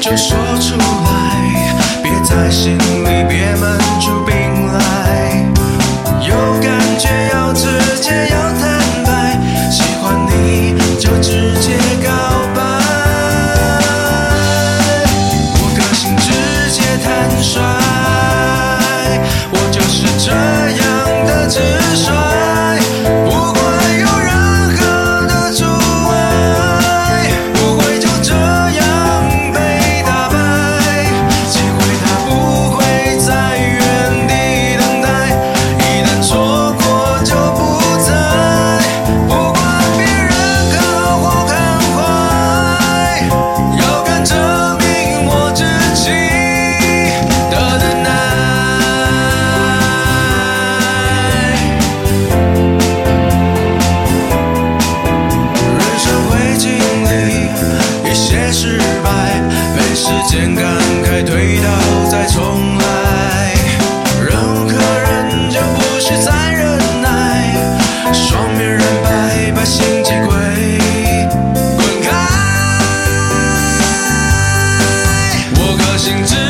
就說出來，別在心裡。一些失敗，沒時間感慨，推倒再重來。忍無可忍，就不需再忍耐，雙面人掰掰，心機鬼滾開。 我個性直。